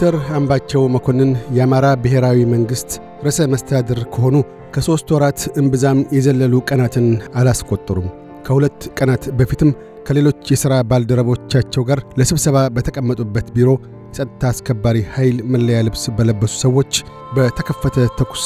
ዶክተር አምባቸው መኮንን የአማራ ብሔራዊ መንግሥት ርዕሰ መስተዳድር ከሆኑ ከሦስት ወራት እምብዛም የዘለሉ ቀናትን አላስቆጠሩም። ከሁለት ቀናት በፊትም ከሌሎች የሥራ ባልደረቦቻቸው ጋር ለስብሰባ በተቀመጡበት ቢሮ የጸጥታ አስከባሪ ኃይል መለያ ልብስ በለበሱ ሰዎች በተከፈተ ተኩስ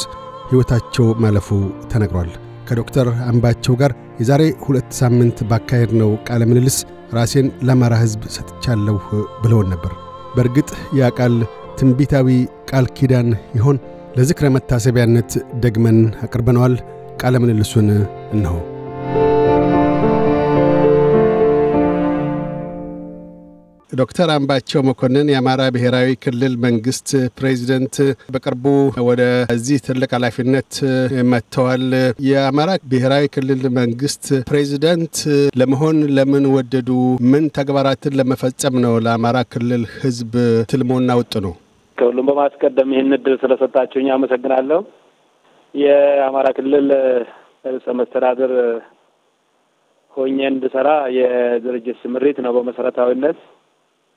ሕይወታቸው ማለፉ ተነግሯል። ከዶክተር አምባቸው ጋር የዛሬ ሁለት ሳምንት ባካሄድ ነው ቃለ ምልልስ ራሴን ለአማራ ሕዝብ ሰጥቻለሁ ብለውን ነበር። በእርግጥ ያ ቃል ትንቢታዊ ቃል ኪዳን ይሆን? ለዝክረ መታሰቢያነት ደግመን አቅርበነዋል። ቃለ ምልልሱን እነሆ። ዶክተር አምባቸው መኮንን የአማራ ብሔራዊ ክልል መንግስት ፕሬዚደንት በቅርቡ ወደዚህ ትልቅ ኃላፊነት መጥተዋል። የአማራ ብሔራዊ ክልል መንግስት ፕሬዚደንት ለመሆን ለምን ወደዱ? ምን ተግባራትን ለመፈጸም ነው ለአማራ ክልል ህዝብ ትልሞና ውጥ ነው? ከሁሉም በማስቀደም ይህን እድል ስለሰጣችሁኝ አመሰግናለሁ። የአማራ ክልል ርዕሰ መስተዳድር ሆኜ እንድሰራ የድርጅት ስምሪት ነው በመሰረታዊነት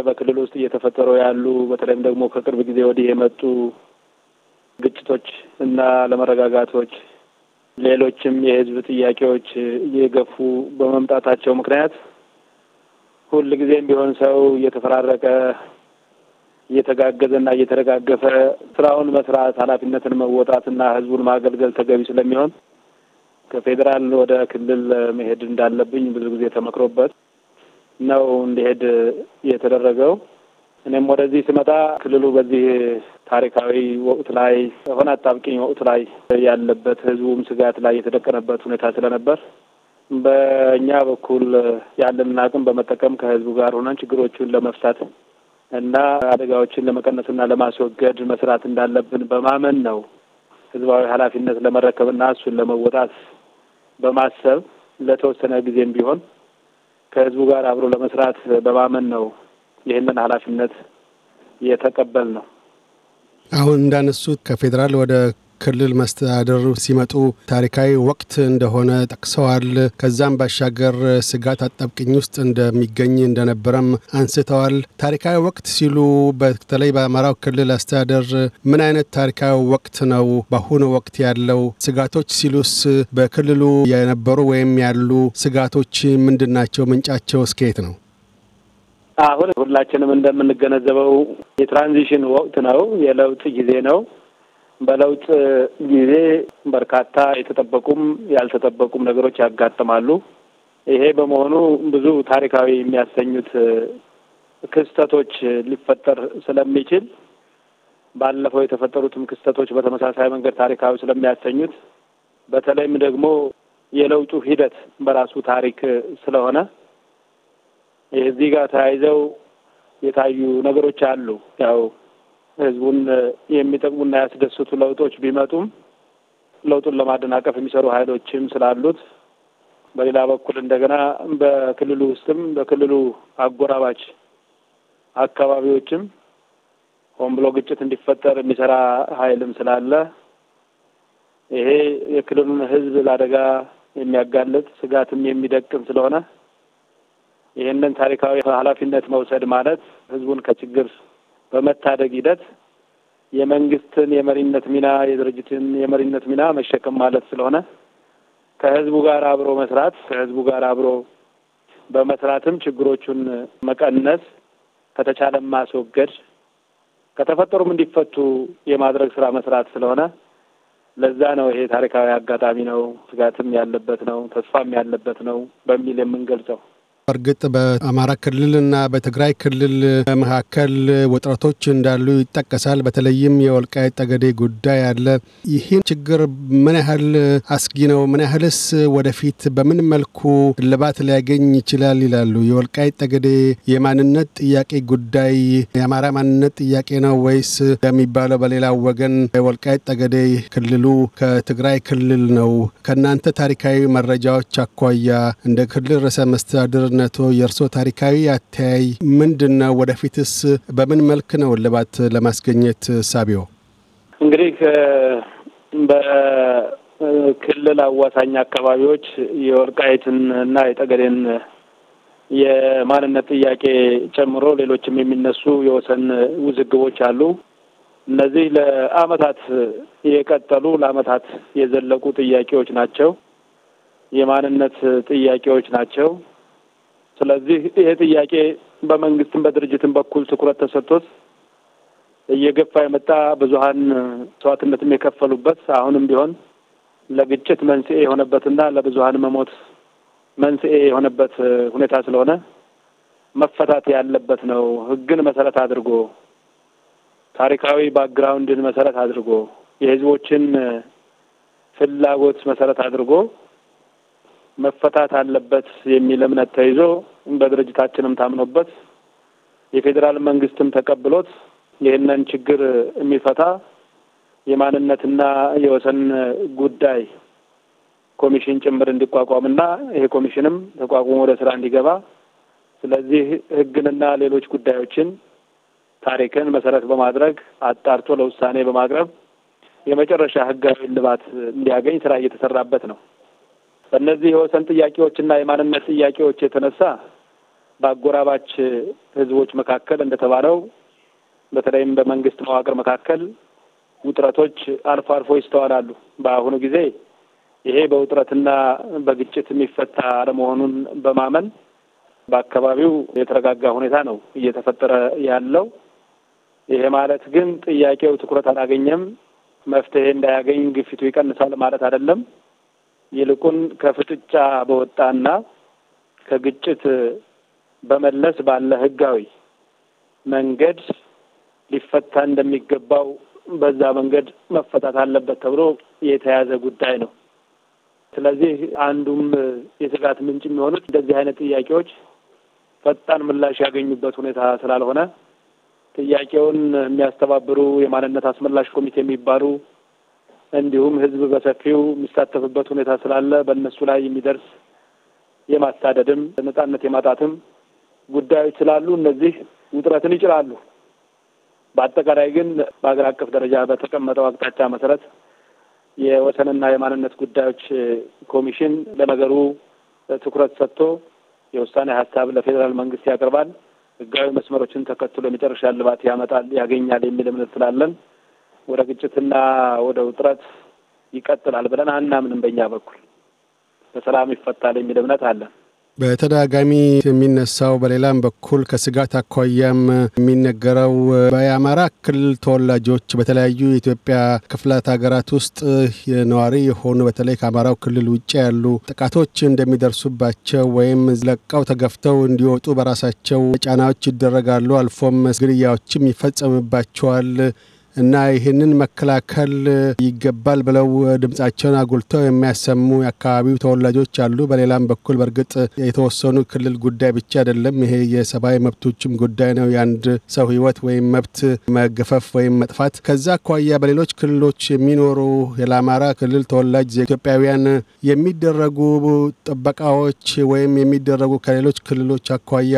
በክልል ውስጥ እየተፈጠሩ ያሉ በተለይም ደግሞ ከቅርብ ጊዜ ወዲህ የመጡ ግጭቶች እና ለመረጋጋቶች ሌሎችም የህዝብ ጥያቄዎች እየገፉ በመምጣታቸው ምክንያት ሁል ጊዜም ቢሆን ሰው እየተፈራረቀ እየተጋገዘ ና እየተደጋገፈ ስራውን መስራት ኃላፊነትን እና ህዝቡን ማገልገል ተገቢ ስለሚሆን ከፌዴራል ወደ ክልል መሄድ እንዳለብኝ ብዙ ጊዜ ተመክሮበት ነው እንዲሄድ የተደረገው። እኔም ወደዚህ ስመጣ ክልሉ በዚህ ታሪካዊ ወቅት ላይ ሆነ አጣብቂኝ ወቅት ላይ ያለበት ህዝቡም ስጋት ላይ የተደቀነበት ሁኔታ ስለነበር በእኛ በኩል ያለንን አቅም በመጠቀም ከህዝቡ ጋር ሆነን ችግሮቹን ለመፍታት እና አደጋዎችን ለመቀነስና ለማስወገድ መስራት እንዳለብን በማመን ነው ህዝባዊ ኃላፊነት ለመረከብና እሱን ለመወጣት በማሰብ ለተወሰነ ጊዜም ቢሆን ከህዝቡ ጋር አብሮ ለመስራት በማመን ነው ይህንን ኃላፊነት የተቀበል ነው። አሁን እንዳነሱት ከፌዴራል ወደ ክልል መስተዳደር ሲመጡ ታሪካዊ ወቅት እንደሆነ ጠቅሰዋል። ከዛም ባሻገር ስጋት አጠብቅኝ ውስጥ እንደሚገኝ እንደነበረም አንስተዋል። ታሪካዊ ወቅት ሲሉ በተለይ በአማራው ክልል አስተዳደር ምን አይነት ታሪካዊ ወቅት ነው በአሁኑ ወቅት ያለው? ስጋቶች ሲሉስ በክልሉ የነበሩ ወይም ያሉ ስጋቶች ምንድን ናቸው? ምንጫቸው እስከየት ነው? አሁን ሁላችንም እንደምንገነዘበው የትራንዚሽን ወቅት ነው፣ የለውጥ ጊዜ ነው። በለውጥ ጊዜ በርካታ የተጠበቁም ያልተጠበቁም ነገሮች ያጋጥማሉ። ይሄ በመሆኑ ብዙ ታሪካዊ የሚያሰኙት ክስተቶች ሊፈጠር ስለሚችል ባለፈው የተፈጠሩትም ክስተቶች በተመሳሳይ መንገድ ታሪካዊ ስለሚያሰኙት በተለይም ደግሞ የለውጡ ሂደት በራሱ ታሪክ ስለሆነ እዚህ ጋር ተያይዘው የታዩ ነገሮች አሉ ያው ህዝቡን የሚጠቅሙና ያስደስቱ ለውጦች ቢመጡም ለውጡን ለማደናቀፍ የሚሰሩ ኃይሎችም ስላሉት በሌላ በኩል እንደገና በክልሉ ውስጥም በክልሉ አጎራባች አካባቢዎችም ሆን ብሎ ግጭት እንዲፈጠር የሚሰራ ኃይልም ስላለ ይሄ የክልሉን ህዝብ ለአደጋ የሚያጋልጥ ስጋትም የሚደቅም ስለሆነ ይህንን ታሪካዊ ኃላፊነት መውሰድ ማለት ህዝቡን ከችግር በመታደግ ሂደት የመንግስትን የመሪነት ሚና የድርጅትን የመሪነት ሚና መሸከም ማለት ስለሆነ ከህዝቡ ጋር አብሮ መስራት ከህዝቡ ጋር አብሮ በመስራትም ችግሮቹን መቀነስ ከተቻለም ማስወገድ ከተፈጠሩም እንዲፈቱ የማድረግ ስራ መስራት ስለሆነ ለዛ ነው ይሄ ታሪካዊ አጋጣሚ ነው፣ ስጋትም ያለበት ነው፣ ተስፋም ያለበት ነው በሚል የምንገልጸው። እርግጥ በአማራ ክልልና በትግራይ ክልል መካከል ውጥረቶች እንዳሉ ይጠቀሳል። በተለይም የወልቃይት ጠገዴ ጉዳይ አለ። ይህን ችግር ምን ያህል አስጊ ነው? ምን ያህልስ ወደፊት በምን መልኩ እልባት ሊያገኝ ይችላል ይላሉ? የወልቃይት ጠገዴ የማንነት ጥያቄ ጉዳይ የአማራ ማንነት ጥያቄ ነው ወይስ የሚባለው በሌላ ወገን የወልቃይት ጠገዴ ክልሉ ከትግራይ ክልል ነው? ከእናንተ ታሪካዊ መረጃዎች አኳያ እንደ ክልል ርዕሰ መስተዳድር ነቶ የእርሶ ታሪካዊ አተያይ ምንድን ነው? ወደፊትስ በምን መልክ ነው እልባት ለማስገኘት ሳቢዮ? እንግዲህ በክልል አዋሳኝ አካባቢዎች የወልቃይትን እና የጠገዴን የማንነት ጥያቄ ጨምሮ ሌሎችም የሚነሱ የወሰን ውዝግቦች አሉ። እነዚህ ለአመታት የቀጠሉ ለአመታት የዘለቁ ጥያቄዎች ናቸው። የማንነት ጥያቄዎች ናቸው። ስለዚህ ይሄ ጥያቄ በመንግስትም በድርጅትም በኩል ትኩረት ተሰጥቶት እየገፋ የመጣ ብዙሀን መስዋዕትነትም የከፈሉበት አሁንም ቢሆን ለግጭት መንስኤ የሆነበትና ለብዙሀን መሞት መንስኤ የሆነበት ሁኔታ ስለሆነ መፈታት ያለበት ነው። ህግን መሰረት አድርጎ ታሪካዊ ባክግራውንድን መሰረት አድርጎ የህዝቦችን ፍላጎት መሰረት አድርጎ መፈታት አለበት የሚል እምነት ተይዞ በድርጅታችንም ታምኖበት የፌዴራል መንግስትም ተቀብሎት ይህንን ችግር የሚፈታ የማንነትና የወሰን ጉዳይ ኮሚሽን ጭምር እንዲቋቋምና ይሄ ኮሚሽንም ተቋቁሞ ወደ ስራ እንዲገባ ስለዚህ ህግንና ሌሎች ጉዳዮችን ታሪክን መሰረት በማድረግ አጣርቶ ለውሳኔ በማቅረብ የመጨረሻ ህጋዊ እልባት እንዲያገኝ ስራ እየተሰራበት ነው። በእነዚህ የወሰን ጥያቄዎችና የማንነት ጥያቄዎች የተነሳ በአጎራባች ህዝቦች መካከል እንደተባለው በተለይም በመንግስት መዋቅር መካከል ውጥረቶች አልፎ አልፎ ይስተዋላሉ። በአሁኑ ጊዜ ይሄ በውጥረትና በግጭት የሚፈታ አለመሆኑን በማመን በአካባቢው የተረጋጋ ሁኔታ ነው እየተፈጠረ ያለው። ይሄ ማለት ግን ጥያቄው ትኩረት አላገኘም፣ መፍትሄ እንዳያገኝ ግፊቱ ይቀንሳል ማለት አይደለም። ይልቁን ከፍጥጫ በወጣና ከግጭት በመለስ ባለ ህጋዊ መንገድ ሊፈታ እንደሚገባው በዛ መንገድ መፈታት አለበት ተብሎ የተያዘ ጉዳይ ነው። ስለዚህ አንዱም የስጋት ምንጭ የሚሆኑት እንደዚህ አይነት ጥያቄዎች ፈጣን ምላሽ ያገኙበት ሁኔታ ስላልሆነ ጥያቄውን የሚያስተባብሩ የማንነት አስመላሽ ኮሚቴ የሚባሉ እንዲሁም ህዝብ በሰፊው የሚሳተፍበት ሁኔታ ስላለ በእነሱ ላይ የሚደርስ የማሳደድም ነጻነት የማጣትም ጉዳዮች ስላሉ እነዚህ ውጥረትን ይጭራሉ። በአጠቃላይ ግን በሀገር አቀፍ ደረጃ በተቀመጠው አቅጣጫ መሰረት የወሰንና የማንነት ጉዳዮች ኮሚሽን ለነገሩ ትኩረት ሰጥቶ የውሳኔ ሀሳብ ለፌዴራል መንግስት ያቀርባል። ህጋዊ መስመሮችን ተከትሎ የመጨረሻ ልባት ያመጣል ያገኛል የሚል እምነት ስላለን ወደ ግጭትና ወደ ውጥረት ይቀጥላል ብለን አናምንም። በእኛ በኩል በሰላም ይፈታል የሚል እምነት አለን። በተደጋጋሚ የሚነሳው በሌላም በኩል ከስጋት አኳያም የሚነገረው በአማራ ክልል ተወላጆች በተለያዩ የኢትዮጵያ ክፍላት ሀገራት ውስጥ ነዋሪ የሆኑ በተለይ ከአማራው ክልል ውጭ ያሉ ጥቃቶች እንደሚደርሱባቸው ወይም ለቀው ተገፍተው እንዲወጡ በራሳቸው ጫናዎች ይደረጋሉ፣ አልፎም ግድያዎችም ይፈጸምባቸዋል። እና ይህንን መከላከል ይገባል ብለው ድምጻቸውን አጉልተው የሚያሰሙ የአካባቢው ተወላጆች አሉ። በሌላም በኩል በእርግጥ የተወሰኑ ክልል ጉዳይ ብቻ አይደለም። ይሄ የሰብአዊ መብቶችም ጉዳይ ነው። የአንድ ሰው ህይወት ወይም መብት መገፈፍ ወይም መጥፋት። ከዛ አኳያ በሌሎች ክልሎች የሚኖሩ ለአማራ ክልል ተወላጅ ኢትዮጵያውያን የሚደረጉ ጥበቃዎች ወይም የሚደረጉ ከሌሎች ክልሎች አኳያ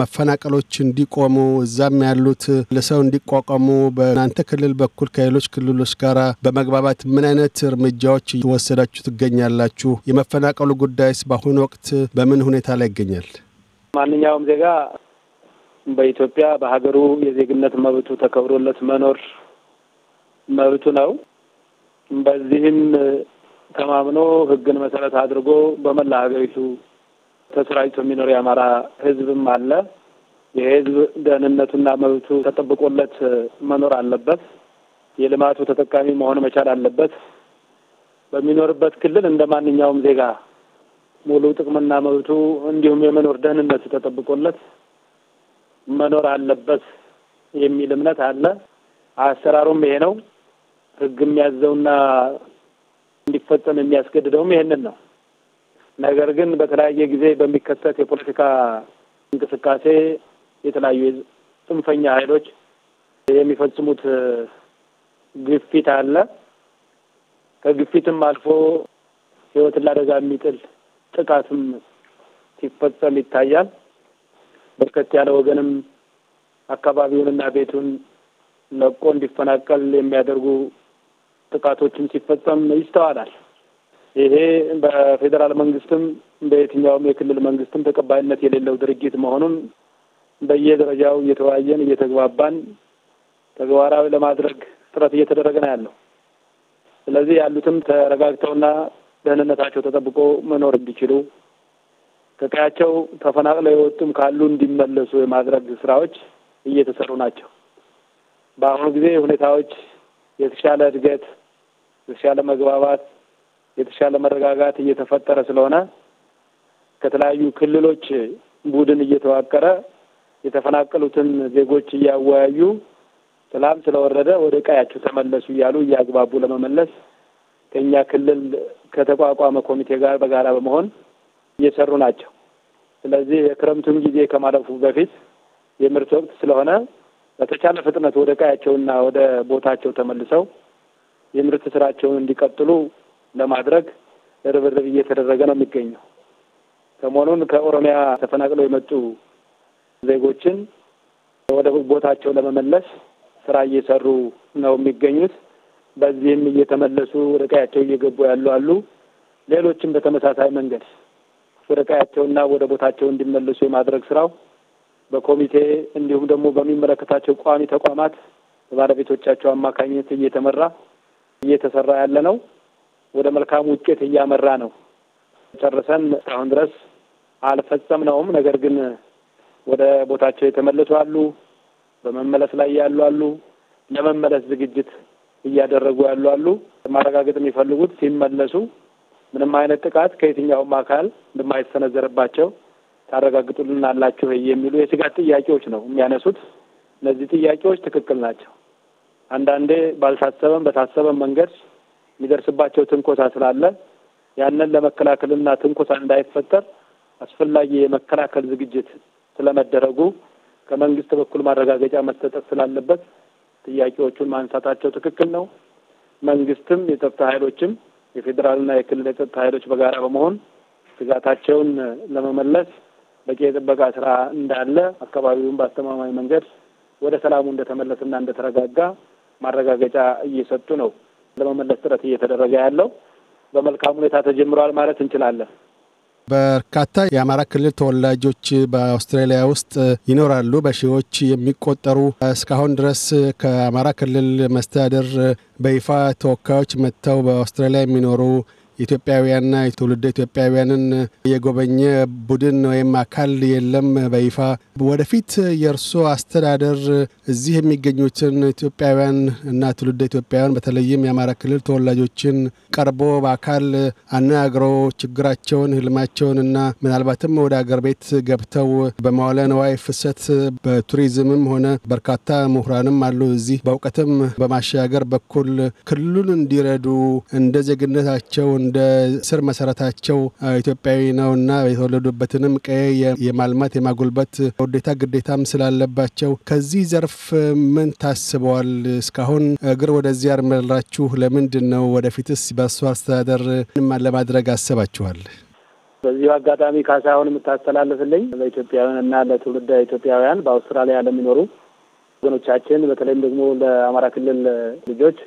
መፈናቀሎች እንዲቆሙ እዛም ያሉት ለሰው እንዲቋቋሙ በእናንተ ክልል በኩል ከሌሎች ክልሎች ጋር በመግባባት ምን አይነት እርምጃዎች እየወሰዳችሁ ትገኛላችሁ? የመፈናቀሉ ጉዳይስ በአሁኑ ወቅት በምን ሁኔታ ላይ ይገኛል? ማንኛውም ዜጋ በኢትዮጵያ በሀገሩ የዜግነት መብቱ ተከብሮለት መኖር መብቱ ነው። በዚህም ተማምኖ ሕግን መሰረት አድርጎ በመላ ሀገሪቱ ተሰራጭቶ የሚኖር የአማራ ህዝብም አለ። የህዝብ ደህንነቱና መብቱ ተጠብቆለት መኖር አለበት። የልማቱ ተጠቃሚ መሆን መቻል አለበት። በሚኖርበት ክልል እንደ ማንኛውም ዜጋ ሙሉ ጥቅምና መብቱ እንዲሁም የመኖር ደህንነቱ ተጠብቆለት መኖር አለበት የሚል እምነት አለ። አሰራሩም ይሄ ነው። ህግ የሚያዘውና እንዲፈጸም የሚያስገድደውም ይሄንን ነው። ነገር ግን በተለያየ ጊዜ በሚከሰት የፖለቲካ እንቅስቃሴ የተለያዩ ጽንፈኛ ኃይሎች የሚፈጽሙት ግፊት አለ። ከግፊትም አልፎ ሕይወትን ለአደጋ የሚጥል ጥቃትም ሲፈጸም ይታያል። በርከት ያለ ወገንም አካባቢውንና ቤቱን ለቆ እንዲፈናቀል የሚያደርጉ ጥቃቶችም ሲፈጸም ይስተዋላል። ይሄ በፌዴራል መንግስትም በየትኛውም የክልል መንግስትም ተቀባይነት የሌለው ድርጊት መሆኑን በየደረጃው እየተወያየን እየተግባባን ተግባራዊ ለማድረግ ጥረት እየተደረገ ነው ያለው። ስለዚህ ያሉትም ተረጋግተውና ደህንነታቸው ተጠብቆ መኖር እንዲችሉ ከቀያቸው ተፈናቅለው የወጡም ካሉ እንዲመለሱ የማድረግ ስራዎች እየተሰሩ ናቸው። በአሁኑ ጊዜ ሁኔታዎች የተሻለ እድገት፣ የተሻለ መግባባት የተሻለ መረጋጋት እየተፈጠረ ስለሆነ ከተለያዩ ክልሎች ቡድን እየተዋቀረ የተፈናቀሉትን ዜጎች እያወያዩ ሰላም ስለወረደ ወደ ቀያቸው ተመለሱ እያሉ እያግባቡ ለመመለስ ከእኛ ክልል ከተቋቋመ ኮሚቴ ጋር በጋራ በመሆን እየሰሩ ናቸው። ስለዚህ የክረምቱን ጊዜ ከማለፉ በፊት የምርት ወቅት ስለሆነ በተቻለ ፍጥነት ወደ ቀያቸውና ወደ ቦታቸው ተመልሰው የምርት ስራቸውን እንዲቀጥሉ ለማድረግ ርብርብ እየተደረገ ነው የሚገኘው። ሰሞኑን ከኦሮሚያ ተፈናቅለው የመጡ ዜጎችን ወደ ቦታቸው ለመመለስ ስራ እየሰሩ ነው የሚገኙት። በዚህም እየተመለሱ ወደ ቀያቸው እየገቡ ያሉ አሉ። ሌሎችም በተመሳሳይ መንገድ ወደ ቀያቸውና ወደ ቦታቸው እንዲመለሱ የማድረግ ስራው በኮሚቴ እንዲሁም ደግሞ በሚመለከታቸው ቋሚ ተቋማት በባለቤቶቻቸው አማካኝነት እየተመራ እየተሰራ ያለ ነው። ወደ መልካም ውጤት እያመራ ነው። ጨርሰን አሁን ድረስ አልፈጸምነውም። ነገር ግን ወደ ቦታቸው የተመለሱ አሉ፣ በመመለስ ላይ ያሉ አሉ፣ ለመመለስ ዝግጅት እያደረጉ ያሉ አሉ። ማረጋገጥ የሚፈልጉት ሲመለሱ ምንም አይነት ጥቃት ከየትኛውም አካል እንደማይሰነዘርባቸው ታረጋግጡልን አላችሁ የሚሉ የስጋት ጥያቄዎች ነው የሚያነሱት። እነዚህ ጥያቄዎች ትክክል ናቸው። አንዳንዴ ባልታሰበም በታሰበም መንገድ የሚደርስባቸው ትንኮሳ ስላለ ያንን ለመከላከልና ትንኮሳ እንዳይፈጠር አስፈላጊ የመከላከል ዝግጅት ስለመደረጉ ከመንግስት በኩል ማረጋገጫ መሰጠት ስላለበት ጥያቄዎቹን ማንሳታቸው ትክክል ነው። መንግስትም የጸጥታ ኃይሎችም የፌዴራልና የክልል የጸጥታ ኃይሎች በጋራ በመሆን ስጋታቸውን ለመመለስ በቂ የጥበቃ ስራ እንዳለ፣ አካባቢውን በአስተማማኝ መንገድ ወደ ሰላሙ እንደተመለሰና እንደተረጋጋ ማረጋገጫ እየሰጡ ነው። ለመመለስ ጥረት እየተደረገ ያለው በመልካም ሁኔታ ተጀምረዋል ማለት እንችላለን። በርካታ የአማራ ክልል ተወላጆች በአውስትራሊያ ውስጥ ይኖራሉ። በሺዎች የሚቆጠሩ እስካሁን ድረስ ከአማራ ክልል መስተዳደር በይፋ ተወካዮች መጥተው በአውስትራሊያ የሚኖሩ ኢትዮጵያውያንና ትውልደ ኢትዮጵያውያንን የጎበኘ ቡድን ወይም አካል የለም በይፋ። ወደፊት የእርስዎ አስተዳደር እዚህ የሚገኙትን ኢትዮጵያውያን እና ትውልደ ኢትዮጵያውያን በተለይም የአማራ ክልል ተወላጆችን ቀርቦ በአካል አነጋግሮ ችግራቸውን፣ ህልማቸውን እና ምናልባትም ወደ አገር ቤት ገብተው በመዋለ ንዋይ ፍሰት በቱሪዝምም ሆነ በርካታ ምሁራንም አሉ እዚህ በእውቀትም በማሻገር በኩል ክልሉን እንዲረዱ እንደ ዜግነታቸው እንደ ስር መሰረታቸው ኢትዮጵያዊ ነውና የተወለዱበትንም ቀዬ የማልማት የማጎልበት ውዴታ ግዴታም ስላለባቸው ከዚህ ዘርፍ ምን ታስበዋል? እስካሁን እግር ወደዚህ ያርመላችሁ ለምንድን ነው? ወደፊትስ በሱ አስተዳደር ለማድረግ አስባችኋል? በዚሁ አጋጣሚ ካሳሁን የምታስተላልፍልኝ ለኢትዮጵያውያን እና ለትውልደ ኢትዮጵያውያን በአውስትራሊያ ለሚኖሩ ወገኖቻችን በተለይም ደግሞ ለአማራ ክልል ልጆች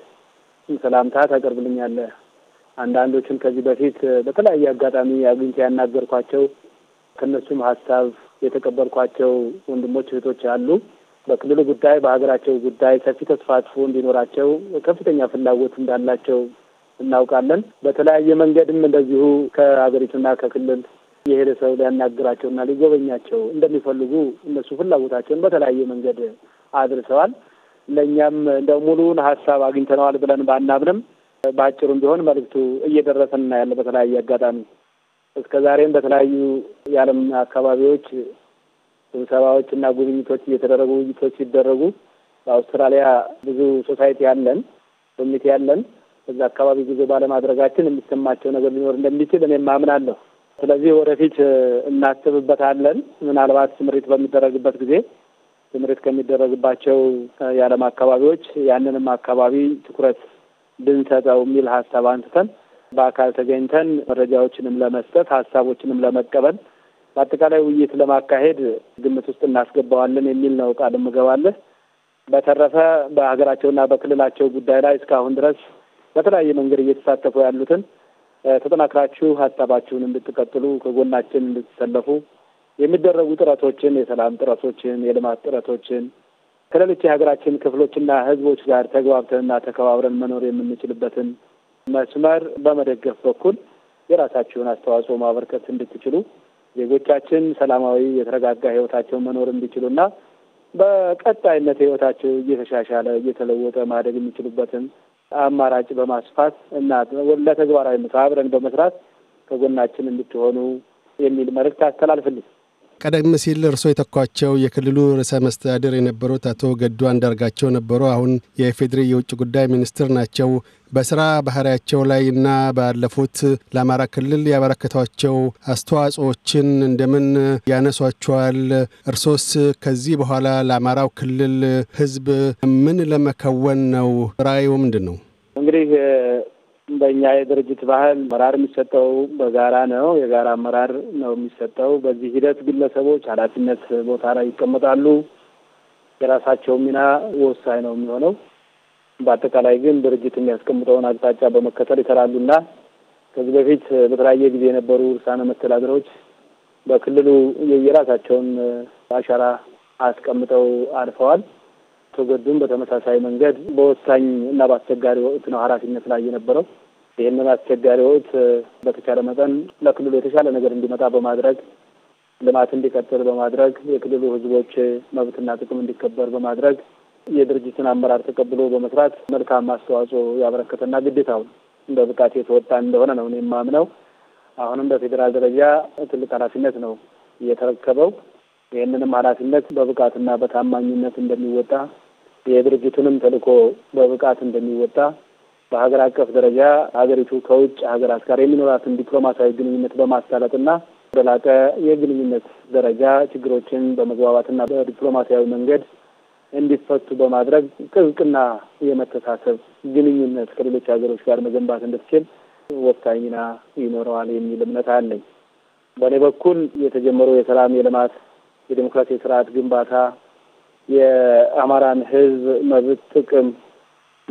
ሰላምታ ታቀርብልኛለህ። አንዳንዶችም ከዚህ በፊት በተለያየ አጋጣሚ አግኝቼ ያናገርኳቸው ከእነሱም ሀሳብ የተቀበልኳቸው ወንድሞች እህቶች አሉ። በክልሉ ጉዳይ በሀገራቸው ጉዳይ ሰፊ ተስፋትፎ እንዲኖራቸው ከፍተኛ ፍላጎት እንዳላቸው እናውቃለን። በተለያየ መንገድም እንደዚሁ ከሀገሪቱና ከክልል የሄደ ሰው ሊያናግራቸውና ሊጎበኛቸው እንደሚፈልጉ እነሱ ፍላጎታቸውን በተለያየ መንገድ አድርሰዋል። ለእኛም እንደ ሙሉን ሀሳብ አግኝተነዋል ብለን ባናምንም በአጭሩም ቢሆን መልእክቱ እየደረሰና ያለ በተለያየ አጋጣሚ እስከ ዛሬም በተለያዩ የዓለም አካባቢዎች ስብሰባዎች እና ጉብኝቶች እየተደረጉ ውይይቶች ሲደረጉ በአውስትራሊያ ብዙ ሶሳይቲ ያለን ኮሚቴ ያለን እዛ አካባቢ ጉዞ ባለማድረጋችን የሚሰማቸው ነገር ሊኖር እንደሚችል እኔም አምናለሁ። ስለዚህ ወደፊት እናስብበታለን። ምናልባት ስምሪት በሚደረግበት ጊዜ ስምሪት ከሚደረግባቸው የዓለም አካባቢዎች ያንንም አካባቢ ትኩረት ብንሰጠው የሚል ሀሳብ አንስተን በአካል ተገኝተን መረጃዎችንም ለመስጠት ሀሳቦችንም ለመቀበል በአጠቃላይ ውይይት ለማካሄድ ግምት ውስጥ እናስገባዋለን የሚል ነው ቃል ምገባለህ። በተረፈ በሀገራቸውና በክልላቸው ጉዳይ ላይ እስካሁን ድረስ በተለያየ መንገድ እየተሳተፉ ያሉትን ተጠናክራችሁ ሀሳባችሁን እንድትቀጥሉ ከጎናችን እንድትሰለፉ የሚደረጉ ጥረቶችን የሰላም ጥረቶችን፣ የልማት ጥረቶችን ከሌሎች የሀገራችን ክፍሎችና ህዝቦች ጋር ተግባብተንና ተከባብረን መኖር የምንችልበትን መስመር በመደገፍ በኩል የራሳችሁን አስተዋጽኦ ማበርከት እንድትችሉ ዜጎቻችን ሰላማዊ የተረጋጋ ህይወታቸውን መኖር እንዲችሉና በቀጣይነት ህይወታቸው እየተሻሻለ እየተለወጠ ማደግ የሚችሉበትን አማራጭ በማስፋት እና ለተግባራዊ አብረን በመስራት ከጎናችን እንድትሆኑ የሚል መልእክት አስተላልፍልኝ። ቀደም ሲል እርስዎ የተኳቸው የክልሉ ርዕሰ መስተዳድር የነበሩት አቶ ገዱ አንዳርጋቸው ነበሩ። አሁን የኢፌዴሪ የውጭ ጉዳይ ሚኒስትር ናቸው። በስራ ባህሪያቸው ላይ እና ባለፉት ለአማራ ክልል ያበረከቷቸው አስተዋጽኦዎችን እንደምን ያነሷቸዋል? እርሶስ ከዚህ በኋላ ለአማራው ክልል ሕዝብ ምን ለመከወን ነው? ራእዩ ምንድን ነው? እንግዲህ በእኛ የድርጅት ባህል አመራር የሚሰጠው በጋራ ነው። የጋራ አመራር ነው የሚሰጠው። በዚህ ሂደት ግለሰቦች ኃላፊነት ቦታ ላይ ይቀመጣሉ። የራሳቸው ሚና ወሳኝ ነው የሚሆነው። በአጠቃላይ ግን ድርጅት የሚያስቀምጠውን አቅጣጫ በመከተል ይሰራሉና ከዚህ በፊት በተለያየ ጊዜ የነበሩ ርዕሳነ መስተዳድሮች በክልሉ የየራሳቸውን አሻራ አስቀምጠው አልፈዋል። አቶ በተመሳሳይ መንገድ በወሳኝ እና በአስቸጋሪ ወቅት ነው ኃላፊነት ላይ የነበረው። ይህንን አስቸጋሪ ወቅት በተቻለ መጠን ለክልሉ የተሻለ ነገር እንዲመጣ በማድረግ ልማት እንዲቀጥል በማድረግ የክልሉ ሕዝቦች መብትና ጥቅም እንዲከበር በማድረግ የድርጅትን አመራር ተቀብሎ በመስራት መልካም አስተዋጽኦ ያበረከተና ግዴታው እንደ ብቃት የተወጣ እንደሆነ ነው የማምነው። አሁንም በፌዴራል ደረጃ ትልቅ ኃላፊነት ነው እየተረከበው። ይህንንም ኃላፊነት በብቃትና በታማኝነት እንደሚወጣ የድርጅቱንም ተልዕኮ በብቃት እንደሚወጣ በሀገር አቀፍ ደረጃ ሀገሪቱ ከውጭ ሀገራት ጋር የሚኖራትን ዲፕሎማሲያዊ ግንኙነት በማሳለጥና በላቀ የግንኙነት ደረጃ ችግሮችን በመግባባትና በዲፕሎማሲያዊ መንገድ እንዲፈቱ በማድረግ ቅዝቅና የመተሳሰብ ግንኙነት ከሌሎች ሀገሮች ጋር መገንባት እንድትችል ወሳኝ ሚና ይኖረዋል የሚል እምነት አለኝ። በእኔ በኩል የተጀመሩ የሰላም፣ የልማት፣ የዴሞክራሲ ስርዓት ግንባታ የአማራን ሕዝብ መብት፣ ጥቅም፣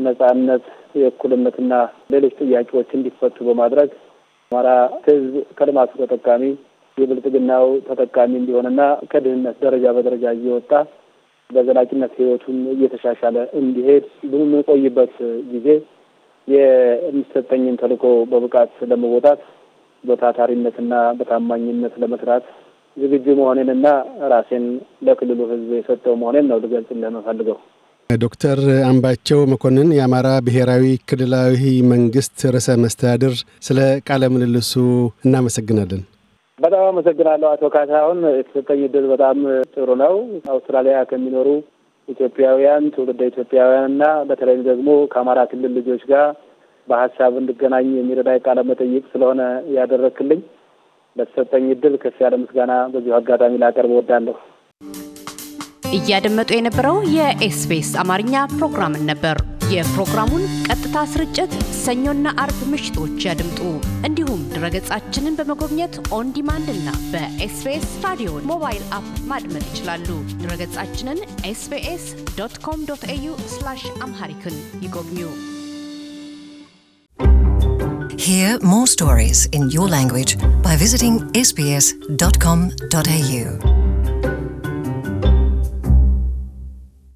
ነጻነት የእኩልነትና ሌሎች ጥያቄዎች እንዲፈቱ በማድረግ አማራ ህዝብ ከልማቱ ተጠቃሚ የብልጽግናው ተጠቃሚ እንዲሆንና ከድህነት ደረጃ በደረጃ እየወጣ በዘላቂነት ህይወቱን እየተሻሻለ እንዲሄድ በምንቆይበት ጊዜ የሚሰጠኝን ተልኮ በብቃት ለመወጣት በታታሪነትና በታማኝነት ለመስራት ዝግጁ መሆኔንና ራሴን ለክልሉ ህዝብ የሰጠው መሆኔን ነው ልገልጽ እንደምፈልገው። ዶክተር አምባቸው መኮንን የአማራ ብሔራዊ ክልላዊ መንግስት ርዕሰ መስተዳድር፣ ስለ ቃለ ምልልሱ እናመሰግናለን። በጣም አመሰግናለሁ አቶ ካሳሁን። የተሰጠኝ እድል በጣም ጥሩ ነው። አውስትራሊያ ከሚኖሩ ኢትዮጵያውያን ትውልደ ኢትዮጵያውያን እና በተለይም ደግሞ ከአማራ ክልል ልጆች ጋር በሀሳብ እንድገናኝ የሚረዳ ቃለ መጠይቅ ስለሆነ ያደረክልኝ ለተሰጠኝ እድል ከፍ ያለ ምስጋና በዚሁ አጋጣሚ ላቀርብ እወዳለሁ። እያደመጡ የነበረው የኤስቢኤስ አማርኛ ፕሮግራምን ነበር። የፕሮግራሙን ቀጥታ ስርጭት ሰኞና አርብ ምሽቶች ያድምጡ። እንዲሁም ድረገጻችንን በመጎብኘት ኦን ዲማንድ እና በኤስቢኤስ ራዲዮ ሞባይል አፕ ማድመጥ ይችላሉ። ድረገጻችንን ኤስቢኤስ ዶት ኮም ዶት ኤዩ አምሃሪክን ይጎብኙ። Hear more stories in your language by visiting sbs.com.au.